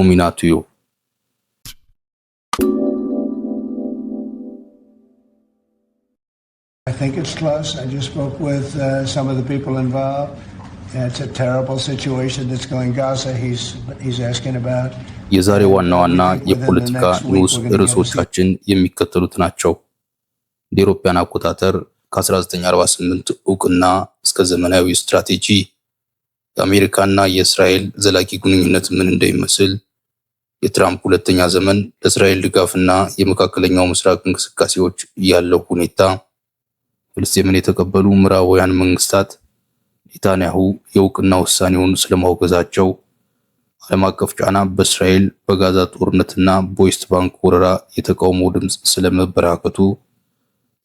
ዶሚናትዮ I think it's close. I just spoke with uh, some of the people involved. It's a terrible situation that's going Gaza. He's he's asking about የዛሬ ዋና ዋና የፖለቲካ ንዑስ ርዕሶቻችን የሚከተሉት ናቸው። እንደ አውሮፓውያን አቆጣጠር ከ1948 እውቅና እስከ ዘመናዊ ስትራቴጂ የአሜሪካና የእስራኤል ዘላቂ ግንኙነት ምን እንደሚመስል የትራምፕ ሁለተኛ ዘመን ለእስራኤል ድጋፍና የመካከለኛው ምስራቅ እንቅስቃሴዎች ያለው ሁኔታ፣ ፍልስጤምን የተቀበሉ ምዕራባውያን መንግስታት ኔታንያሁ የእውቅና ውሳኔውን ስለማውገዛቸው፣ ዓለም አቀፍ ጫና በእስራኤል በጋዛ ጦርነትና በዌስት ባንክ ወረራ የተቃውሞ ድምፅ ስለመበራከቱ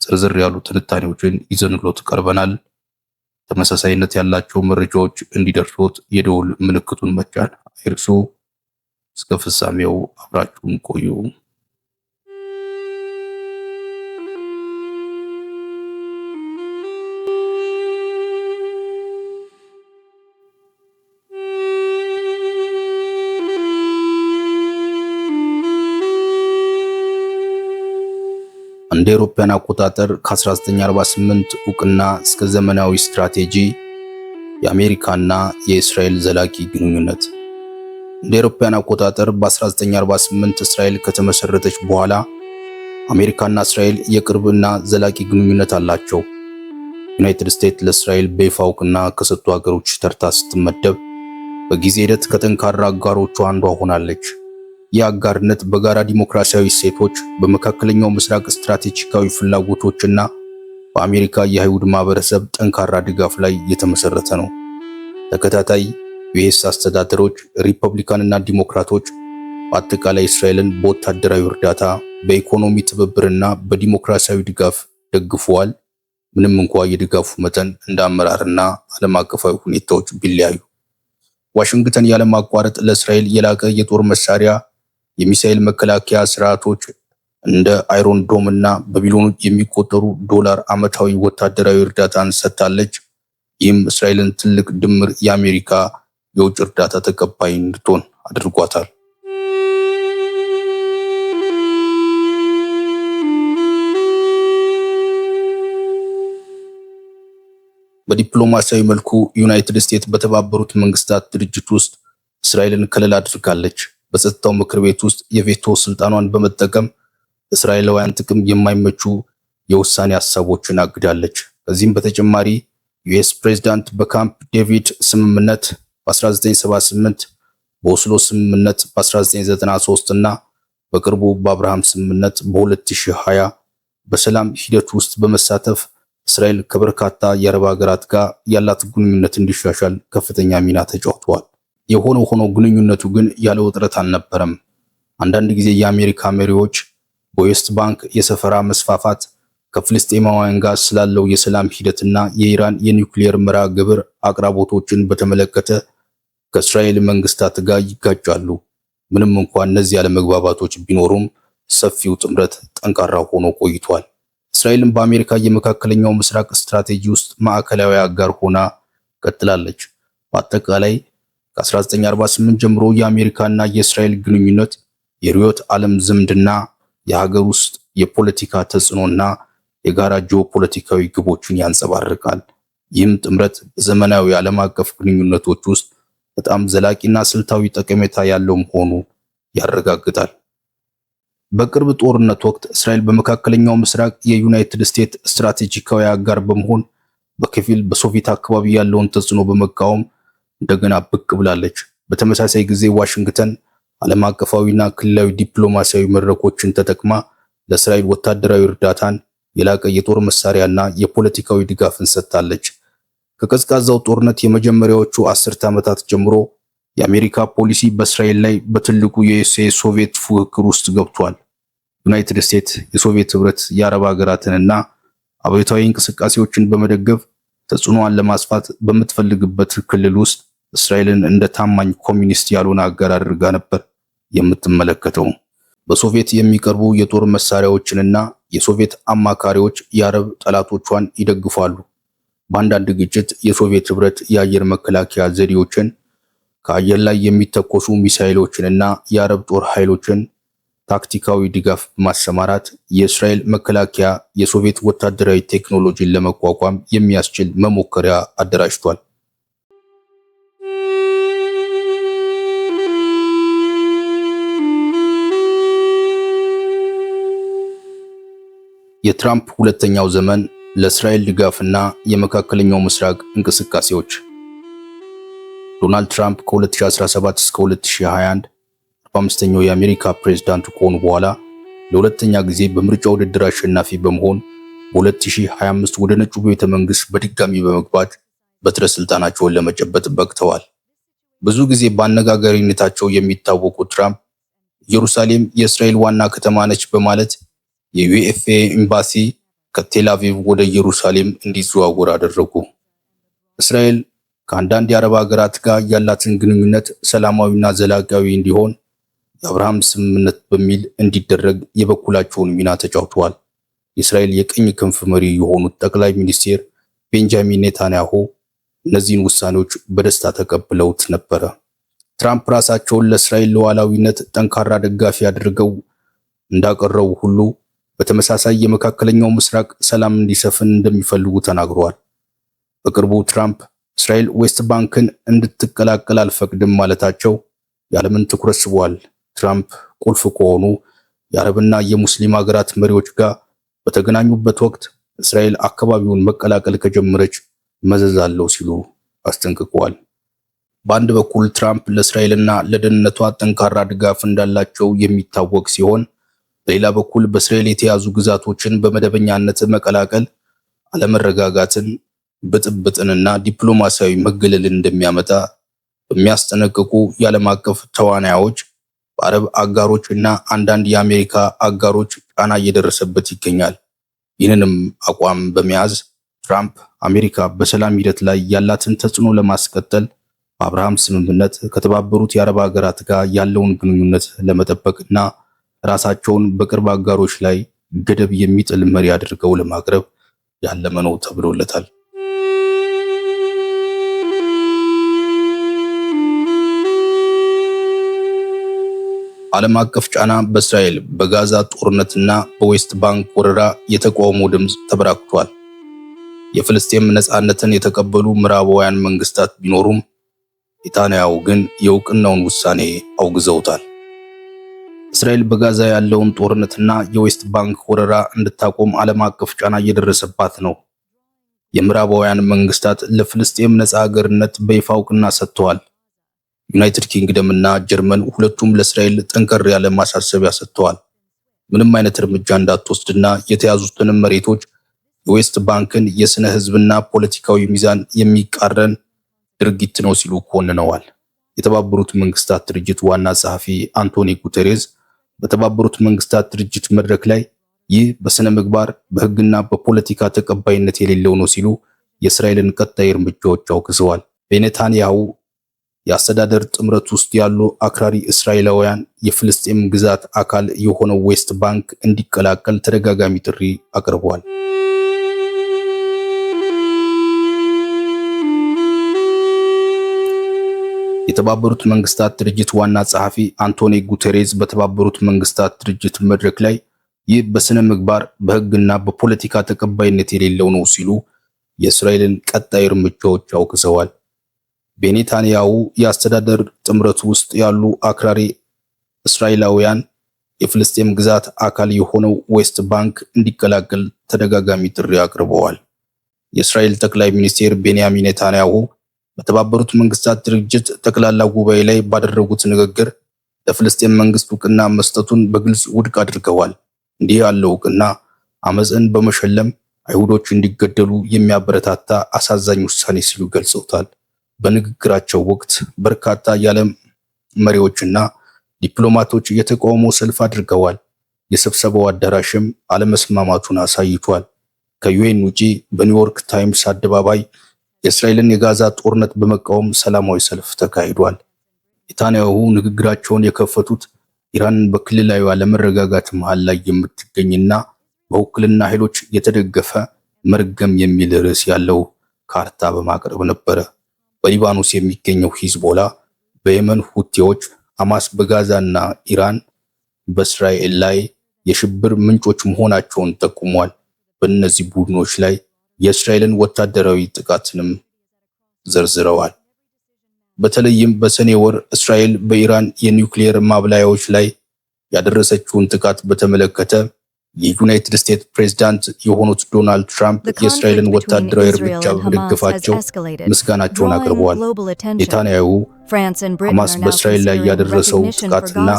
ዝርዝር ያሉ ትንታኔዎችን ይዘንሎት ቀርበናል። ተመሳሳይነት ያላቸው መረጃዎች እንዲደርሶት የደውል ምልክቱን መጫን አይርሱ። እስከ ፍጻሜው አብራችሁን ቆዩ። እንደ አውሮፓውያን አቆጣጠር ከ1948 እውቅና እስከ ዘመናዊ ስትራቴጂ የአሜሪካና የእስራኤል ዘላቂ ግንኙነት እንደ አውሮፓውያን አቆጣጠር በ1948 እስራኤል ከተመሰረተች በኋላ አሜሪካና እስራኤል የቅርብ እና ዘላቂ ግንኙነት አላቸው። ዩናይትድ ስቴትስ ለእስራኤል በይፋ እውቅና ከሰጡ ሀገሮች ተርታ ስትመደብ በጊዜ ሂደት ከጠንካራ አጋሮቿ አንዷ ሆናለች። ይህ አጋርነት በጋራ ዲሞክራሲያዊ እሴቶች፣ በመካከለኛው ምስራቅ ስትራቴጂካዊ ፍላጎቶችና በአሜሪካ የአይሁድ ማህበረሰብ ጠንካራ ድጋፍ ላይ የተመሰረተ ነው። ተከታታይ የዩኤስ አስተዳደሮች ሪፐብሊካንና ዲሞክራቶች በአጠቃላይ እስራኤልን በወታደራዊ እርዳታ፣ በኢኮኖሚ ትብብርና በዲሞክራሲያዊ ድጋፍ ደግፈዋል። ምንም እንኳ የድጋፉ መጠን እንደ አመራርና ዓለም አቀፋዊ ሁኔታዎች ቢለያዩ፣ ዋሽንግተን ያለማቋረጥ ለእስራኤል የላቀ የጦር መሳሪያ፣ የሚሳኤል መከላከያ ስርዓቶች እንደ አይሮን ዶም እና በቢሊዮን የሚቆጠሩ ዶላር ዓመታዊ ወታደራዊ እርዳታን ሰጥታለች። ይህም እስራኤልን ትልቅ ድምር የአሜሪካ የውጭ እርዳታ ተቀባይ እንድትሆን አድርጓታል። በዲፕሎማሲያዊ መልኩ ዩናይትድ ስቴትስ በተባበሩት መንግስታት ድርጅት ውስጥ እስራኤልን ከለላ አድርጋለች። በጸጥታው ምክር ቤት ውስጥ የቬቶ ስልጣኗን በመጠቀም እስራኤላውያን ጥቅም የማይመቹ የውሳኔ ሀሳቦችን አግዳለች። ከዚህም በተጨማሪ ዩኤስ ፕሬዚዳንት በካምፕ ዴቪድ ስምምነት በ1978 በኦስሎ ስምምነት በ1993 እና በቅርቡ በአብርሃም ስምምነት በ2020 በሰላም ሂደት ውስጥ በመሳተፍ እስራኤል ከበርካታ የአረብ ሀገራት ጋር ያላት ግንኙነት እንዲሻሻል ከፍተኛ ሚና ተጫውተዋል። የሆነ ሆኖ ግንኙነቱ ግን ያለ ውጥረት አልነበረም። አንዳንድ ጊዜ የአሜሪካ መሪዎች በዌስት ባንክ የሰፈራ መስፋፋት ከፍልስጤማውያን ጋር ስላለው የሰላም ሂደትና የኢራን የኒውክሊየር መርሃ ግብር አቅራቦቶችን በተመለከተ ከእስራኤል መንግስታት ጋር ይጋጫሉ። ምንም እንኳን እነዚህ አለመግባባቶች ቢኖሩም ሰፊው ጥምረት ጠንካራ ሆኖ ቆይቷል። እስራኤልም በአሜሪካ የመካከለኛው ምስራቅ ስትራቴጂ ውስጥ ማዕከላዊ አጋር ሆና ቀጥላለች። በአጠቃላይ ከ1948 ጀምሮ የአሜሪካና የእስራኤል ግንኙነት የርዕዮተ ዓለም ዝምድና፣ የሀገር ውስጥ የፖለቲካ ተጽዕኖና የጋራ ጂኦፖለቲካዊ ግቦችን ያንጸባርቃል። ይህም ጥምረት በዘመናዊ ዓለም አቀፍ ግንኙነቶች ውስጥ በጣም ዘላቂና ስልታዊ ጠቀሜታ ያለው መሆኑ ያረጋግጣል። በቅርብ ጦርነት ወቅት እስራኤል በመካከለኛው ምስራቅ የዩናይትድ ስቴትስ ስትራቴጂካዊ አጋር በመሆን በከፊል በሶቪየት አካባቢ ያለውን ተጽዕኖ በመቃወም እንደገና ብቅ ብላለች። በተመሳሳይ ጊዜ ዋሽንግተን ዓለም አቀፋዊና ክልላዊ ዲፕሎማሲያዊ መድረኮችን ተጠቅማ ለእስራኤል ወታደራዊ እርዳታን የላቀ የጦር መሳሪያና የፖለቲካዊ ድጋፍን ሰጥታለች። ከቀዝቃዛው ጦርነት የመጀመሪያዎቹ አስርተ ዓመታት ጀምሮ የአሜሪካ ፖሊሲ በእስራኤል ላይ በትልቁ የሶቪየት ፉክክር ውስጥ ገብቷል። ዩናይትድ ስቴትስ፣ የሶቪየት ህብረት የአረብ ሀገራትንና አብዮታዊ እንቅስቃሴዎችን በመደገፍ ተጽዕኖዋን ለማስፋት በምትፈልግበት ክልል ውስጥ እስራኤልን እንደ ታማኝ ኮሚኒስት ያልሆነ አገር አድርጋ ነበር የምትመለከተው። በሶቪየት የሚቀርቡ የጦር መሳሪያዎችንና የሶቪየት አማካሪዎች የአረብ ጠላቶቿን ይደግፋሉ። በአንዳንድ ግጭት የሶቪየት ህብረት የአየር መከላከያ ዘዴዎችን ከአየር ላይ የሚተኮሱ እና የአረብ ጦር ኃይሎችን ታክቲካዊ ድጋፍ በማሰማራት የእስራኤል መከላከያ የሶቪየት ወታደራዊ ቴክኖሎጂን ለመቋቋም የሚያስችል መሞከሪያ አደራጅቷል። የትራምፕ ሁለተኛው ዘመን ለእስራኤል ድጋፍና የመካከለኛው ምስራቅ እንቅስቃሴዎች ዶናልድ ትራምፕ ከ2017 እስከ 2021 45ኛው የአሜሪካ ፕሬዝዳንት ከሆኑ በኋላ ለሁለተኛ ጊዜ በምርጫ ውድድር አሸናፊ በመሆን በ2025 ወደ ነጩ ቤተ መንግስት በድጋሚ በመግባት በትረ ስልጣናቸውን ለመጨበጥ በቅተዋል። ብዙ ጊዜ በአነጋጋሪነታቸው የሚታወቁ ትራምፕ ኢየሩሳሌም የእስራኤል ዋና ከተማ ነች በማለት የዩኤፍኤ ኤምባሲ ከቴላቪቭ ወደ ኢየሩሳሌም እንዲዘዋወር አደረጉ። እስራኤል ከአንዳንድ የአረብ ሀገራት ጋር ያላትን ግንኙነት ሰላማዊና ዘላቂያዊ እንዲሆን የአብርሃም ስምምነት በሚል እንዲደረግ የበኩላቸውን ሚና ተጫውተዋል። የእስራኤል የቀኝ ክንፍ መሪ የሆኑት ጠቅላይ ሚኒስቴር ቤንጃሚን ኔታንያሁ እነዚህን ውሳኔዎች በደስታ ተቀብለውት ነበረ። ትራምፕ ራሳቸውን ለእስራኤል ሉዓላዊነት ጠንካራ ደጋፊ አድርገው እንዳቀረቡ ሁሉ በተመሳሳይ የመካከለኛው ምስራቅ ሰላም እንዲሰፍን እንደሚፈልጉ ተናግረዋል። በቅርቡ ትራምፕ እስራኤል ዌስት ባንክን እንድትቀላቀል አልፈቅድም ማለታቸው የዓለምን ትኩረት ስቧል። ትራምፕ ቁልፍ ከሆኑ የአረብና የሙስሊም ሀገራት መሪዎች ጋር በተገናኙበት ወቅት እስራኤል አካባቢውን መቀላቀል ከጀመረች መዘዝ አለው ሲሉ አስጠንቅቀዋል። በአንድ በኩል ትራምፕ ለእስራኤልና ለደህንነቷ ጠንካራ ድጋፍ እንዳላቸው የሚታወቅ ሲሆን በሌላ በኩል በእስራኤል የተያዙ ግዛቶችን በመደበኛነት መቀላቀል አለመረጋጋትን፣ ብጥብጥንና ዲፕሎማሲያዊ መገለልን እንደሚያመጣ በሚያስጠነቅቁ የዓለም አቀፍ ተዋናዮች በአረብ አጋሮች እና አንዳንድ የአሜሪካ አጋሮች ጫና እየደረሰበት ይገኛል። ይህንንም አቋም በመያዝ ትራምፕ አሜሪካ በሰላም ሂደት ላይ ያላትን ተጽዕኖ ለማስቀጠል በአብርሃም ስምምነት ከተባበሩት የአረብ ሀገራት ጋር ያለውን ግንኙነት ለመጠበቅ እና ራሳቸውን በቅርብ አጋሮች ላይ ገደብ የሚጥል መሪ አድርገው ለማቅረብ ያለመ ነው ተብሎለታል። ዓለም አቀፍ ጫና በእስራኤል በጋዛ ጦርነትና በዌስት ባንክ ወረራ የተቃውሞ ድምፅ ተበራክቷል። የፍልስጤም ነፃነትን የተቀበሉ ምዕራባውያን መንግስታት ቢኖሩም ኔታንያሁ ግን የእውቅናውን ውሳኔ አውግዘውታል። እስራኤል በጋዛ ያለውን ጦርነትና የዌስት ባንክ ወረራ እንድታቆም ዓለም አቀፍ ጫና እየደረሰባት ነው። የምዕራባውያን መንግስታት ለፍልስጤም ነፃ አገርነት በይፋ እውቅና ሰጥተዋል። ዩናይትድ ኪንግደም እና ጀርመን ሁለቱም ለእስራኤል ጠንከር ያለ ማሳሰቢያ ሰጥተዋል። ምንም አይነት እርምጃ እንዳትወስድና የተያዙትን መሬቶች የዌስት ባንክን የስነ ህዝብና ፖለቲካዊ ሚዛን የሚቃረን ድርጊት ነው ሲሉ ኮንነዋል። የተባበሩት መንግስታት ድርጅት ዋና ጸሐፊ አንቶኒ ጉተሬዝ በተባበሩት መንግስታት ድርጅት መድረክ ላይ ይህ በሥነ ምግባር በህግና በፖለቲካ ተቀባይነት የሌለው ነው ሲሉ የእስራኤልን ቀጣይ እርምጃዎች አውግዘዋል። በኔታንያሁ የአስተዳደር ጥምረት ውስጥ ያሉ አክራሪ እስራኤላውያን የፍልስጤም ግዛት አካል የሆነው ዌስት ባንክ እንዲቀላቀል ተደጋጋሚ ጥሪ አቅርበዋል። የተባበሩት መንግስታት ድርጅት ዋና ጸሐፊ አንቶኒ ጉቴሬዝ በተባበሩት መንግስታት ድርጅት መድረክ ላይ ይህ በስነ ምግባር በህግና በፖለቲካ ተቀባይነት የሌለው ነው ሲሉ የእስራኤልን ቀጣይ እርምጃዎች አውግዘዋል። በኔታንያሁ የአስተዳደር ጥምረት ውስጥ ያሉ አክራሪ እስራኤላውያን የፍልስጤም ግዛት አካል የሆነው ዌስት ባንክ እንዲቀላቀል ተደጋጋሚ ጥሪ አቅርበዋል። የእስራኤል ጠቅላይ ሚኒስቴር ቤንያሚን ኔታንያሁ በተባበሩት መንግስታት ድርጅት ጠቅላላ ጉባኤ ላይ ባደረጉት ንግግር ለፍልስጤም መንግስት እውቅና መስጠቱን በግልጽ ውድቅ አድርገዋል። እንዲህ ያለው እውቅና አመፅን በመሸለም አይሁዶች እንዲገደሉ የሚያበረታታ አሳዛኝ ውሳኔ ሲሉ ገልጸውታል። በንግግራቸው ወቅት በርካታ የዓለም መሪዎችና ዲፕሎማቶች የተቃውሞ ሰልፍ አድርገዋል። የስብሰባው አዳራሽም አለመስማማቱን አሳይቷል። ከዩኤን ውጪ በኒውዮርክ ታይምስ አደባባይ የእስራኤልን የጋዛ ጦርነት በመቃወም ሰላማዊ ሰልፍ ተካሂዷል። ኔታንያሁ ንግግራቸውን የከፈቱት ኢራንን በክልላዊ አለመረጋጋት መሃል ላይ የምትገኝና በውክልና ኃይሎች የተደገፈ መርገም የሚል ርዕስ ያለው ካርታ በማቅረብ ነበረ። በሊባኖስ የሚገኘው ሂዝቦላ፣ በየመን ሁቲዎች፣ ሐማስ በጋዛና ኢራን በእስራኤል ላይ የሽብር ምንጮች መሆናቸውን ጠቁሟል። በእነዚህ ቡድኖች ላይ የእስራኤልን ወታደራዊ ጥቃትንም ዘርዝረዋል። በተለይም በሰኔ ወር እስራኤል በኢራን የኒውክሌር ማብላያዎች ላይ ያደረሰችውን ጥቃት በተመለከተ የዩናይትድ ስቴትስ ፕሬዚዳንት የሆኑት ዶናልድ ትራምፕ የእስራኤልን ወታደራዊ እርምጃ በመደገፋቸው ምስጋናቸውን አቅርበዋል። ኔታንያሁ ሐማስ በእስራኤል ላይ ያደረሰው ጥቃትና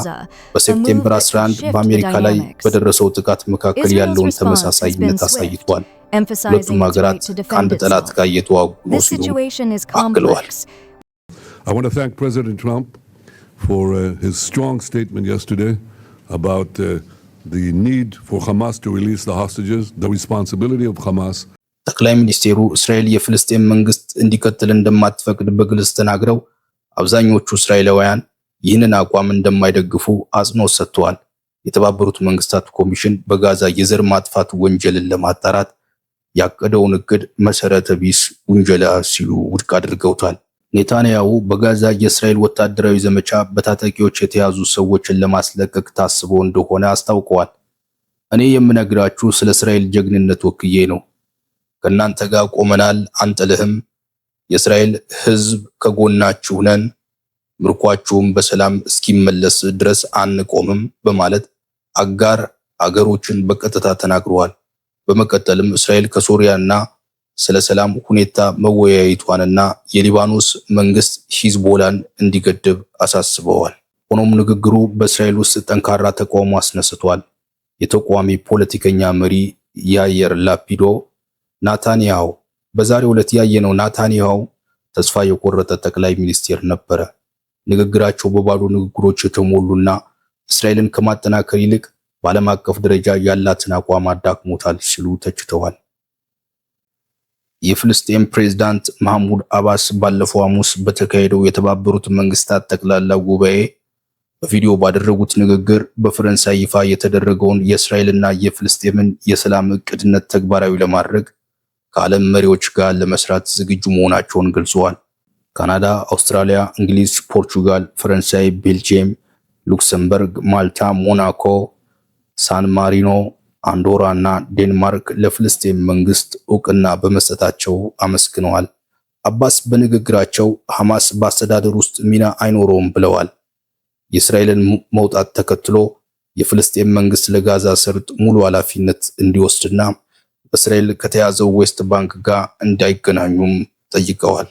በሴፕቴምበር 11 በአሜሪካ ላይ በደረሰው ጥቃት መካከል ያለውን ተመሳሳይነት አሳይቷል። ሁለቱም ሀገራት ከአንድ ጠላት ጋር እየተዋጉ ነው ሲሉ አክለዋል። ፕሬዚዳንት ትራምፕ the need for Hamas to release the hostages, the responsibility of Hamas ጠቅላይ ሚኒስቴሩ እስራኤል የፍልስጤም መንግስት እንዲቀጥል እንደማትፈቅድ በግልጽ ተናግረው አብዛኞቹ እስራኤላውያን ይህንን አቋም እንደማይደግፉ አጽንኦት ሰጥተዋል። የተባበሩት መንግስታት ኮሚሽን በጋዛ የዘር ማጥፋት ወንጀልን ለማጣራት ያቀደውን እቅድ መሰረተ ቢስ ውንጀላ ሲሉ ውድቅ አድርገውታል። ኔታንያሁ በጋዛ የእስራኤል ወታደራዊ ዘመቻ በታጣቂዎች የተያዙ ሰዎችን ለማስለቀቅ ታስቦ እንደሆነ አስታውቀዋል። እኔ የምነግራችሁ ስለ እስራኤል ጀግንነት ወክዬ ነው። ከእናንተ ጋር ቆመናል፣ አንጥልህም። የእስራኤል ሕዝብ ከጎናችሁ ነን፣ ምርኳችሁም በሰላም እስኪመለስ ድረስ አንቆምም በማለት አጋር አገሮችን በቀጥታ ተናግረዋል። በመቀጠልም እስራኤል ከሶሪያና ስለ ሰላም ሁኔታ መወያየቷንና የሊባኖስ መንግስት ሂዝቦላን እንዲገድብ አሳስበዋል። ሆኖም ንግግሩ በእስራኤል ውስጥ ጠንካራ ተቃውሞ አስነስቷል። የተቃዋሚ ፖለቲከኛ መሪ የአየር ላፒዶ ናታንያሁ በዛሬው ዕለት ያየነው ናታንያሁ ተስፋ የቆረጠ ጠቅላይ ሚኒስቴር ነበረ። ንግግራቸው በባዶ ንግግሮች የተሞሉና እስራኤልን ከማጠናከር ይልቅ በዓለም አቀፍ ደረጃ ያላትን አቋም አዳክሞታል ሲሉ ተችተዋል። የፍልስጤም ፕሬዝዳንት ማህሙድ አባስ ባለፈው ሐሙስ በተካሄደው የተባበሩት መንግስታት ጠቅላላ ጉባኤ በቪዲዮ ባደረጉት ንግግር በፈረንሳይ ይፋ የተደረገውን የእስራኤልና የፍልስጤምን የሰላም እቅድነት ተግባራዊ ለማድረግ ከዓለም መሪዎች ጋር ለመስራት ዝግጁ መሆናቸውን ገልጸዋል። ካናዳ፣ አውስትራሊያ፣ እንግሊዝ፣ ፖርቹጋል፣ ፈረንሳይ፣ ቤልጅየም፣ ሉክሰምበርግ፣ ማልታ፣ ሞናኮ፣ ሳን ማሪኖ አንዶራ እና ዴንማርክ ለፍልስጤም መንግስት እውቅና በመስጠታቸው አመስግነዋል። አባስ በንግግራቸው ሐማስ በአስተዳደር ውስጥ ሚና አይኖረውም ብለዋል። የእስራኤልን መውጣት ተከትሎ የፍልስጤም መንግስት ለጋዛ ሰርጥ ሙሉ ኃላፊነት እንዲወስድና በእስራኤል ከተያዘው ዌስት ባንክ ጋር እንዳይገናኙም ጠይቀዋል።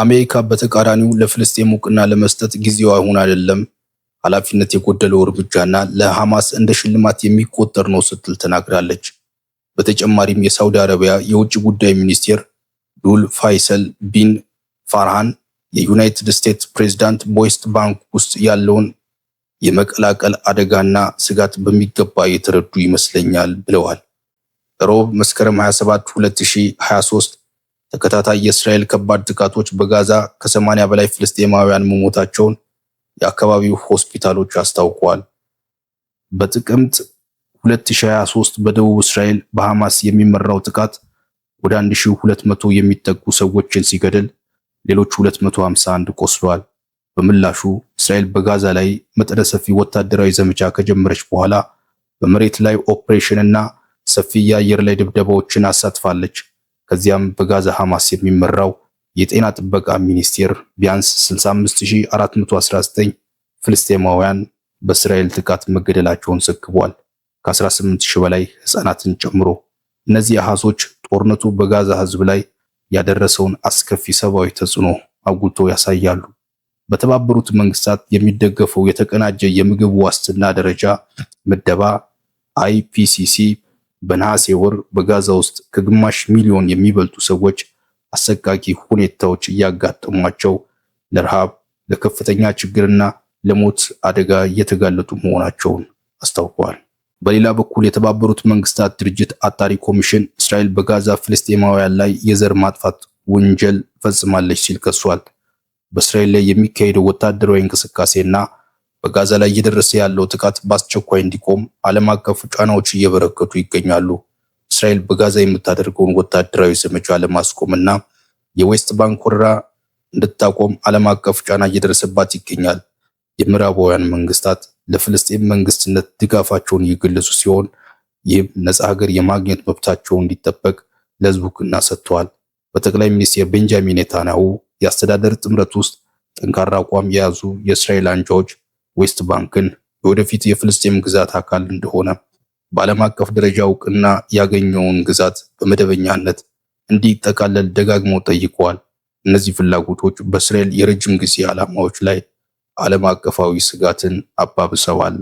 አሜሪካ በተቃራኒው ለፍልስጤም እውቅና ለመስጠት ጊዜው አሁን አይደለም፣ ኃላፊነት የጎደለው እርምጃና ለሐማስ እንደ ሽልማት የሚቆጠር ነው ስትል ተናግራለች። በተጨማሪም የሳውዲ አረቢያ የውጭ ጉዳይ ሚኒስቴር ዱል ፋይሰል ቢን ፋርሃን የዩናይትድ ስቴትስ ፕሬዝዳንት በዌስት ባንክ ውስጥ ያለውን የመቀላቀል አደጋና ስጋት በሚገባ የተረዱ ይመስለኛል ብለዋል። ሮብ መስከረም 27 2023 ተከታታይ የእስራኤል ከባድ ጥቃቶች በጋዛ ከ80 በላይ ፍልስጤማውያን መሞታቸውን የአካባቢው ሆስፒታሎች አስታውቀዋል። በጥቅምት 2023 በደቡብ እስራኤል በሐማስ የሚመራው ጥቃት ወደ 1200 የሚጠጉ ሰዎችን ሲገድል ሌሎች 251 ቆስሏል። በምላሹ እስራኤል በጋዛ ላይ መጠነ ሰፊ ወታደራዊ ዘመቻ ከጀመረች በኋላ በመሬት ላይ ኦፕሬሽን እና ሰፊ የአየር ላይ ድብደባዎችን አሳትፋለች። ከዚያም በጋዛ ሐማስ የሚመራው የጤና ጥበቃ ሚኒስቴር ቢያንስ 65419 ፍልስጤማውያን በእስራኤል ጥቃት መገደላቸውን ዘግቧል፣ ከ18000 በላይ ህፃናትን ጨምሮ። እነዚህ አሃዞች ጦርነቱ በጋዛ ሕዝብ ላይ ያደረሰውን አስከፊ ሰብአዊ ተጽዕኖ አጉልቶ ያሳያሉ። በተባበሩት መንግስታት የሚደገፈው የተቀናጀ የምግብ ዋስትና ደረጃ ምደባ አይፒሲሲ በነሐሴ ወር በጋዛ ውስጥ ከግማሽ ሚሊዮን የሚበልጡ ሰዎች አሰቃቂ ሁኔታዎች እያጋጠሟቸው ለረሃብ፣ ለከፍተኛ ችግርና ለሞት አደጋ እየተጋለጡ መሆናቸውን አስታውቀዋል። በሌላ በኩል የተባበሩት መንግስታት ድርጅት አጣሪ ኮሚሽን እስራኤል በጋዛ ፍልስጤማውያን ላይ የዘር ማጥፋት ወንጀል ፈጽማለች ሲል ከሷል። በእስራኤል ላይ የሚካሄደው ወታደራዊ እንቅስቃሴና በጋዛ ላይ እየደረሰ ያለው ጥቃት በአስቸኳይ እንዲቆም ዓለም አቀፍ ጫናዎች እየበረከቱ ይገኛሉ። እስራኤል በጋዛ የምታደርገውን ወታደራዊ ዘመቻ ለማስቆምና የዌስት ባንክ ወረራ እንድታቆም ዓለም አቀፍ ጫና እየደረሰባት ይገኛል። የምዕራባውያን መንግስታት ለፍልስጤም መንግስትነት ድጋፋቸውን እየገለጹ ሲሆን ይህም ነጻ ሀገር የማግኘት መብታቸው እንዲጠበቅ ለህዝቡ ዕውቅና ሰጥተዋል። በጠቅላይ ሚኒስትር ቤንጃሚን ኔታንያሁ የአስተዳደር ጥምረት ውስጥ ጠንካራ አቋም የያዙ የእስራኤል አንጃዎች ዌስት ባንክን የወደፊት የፍልስጤም ግዛት አካል እንደሆነ በዓለም አቀፍ ደረጃ እውቅና ያገኘውን ግዛት በመደበኛነት እንዲጠቃለል ደጋግሞ ጠይቀዋል። እነዚህ ፍላጎቶች በእስራኤል የረጅም ጊዜ ዓላማዎች ላይ ዓለም አቀፋዊ ስጋትን አባብሰዋል።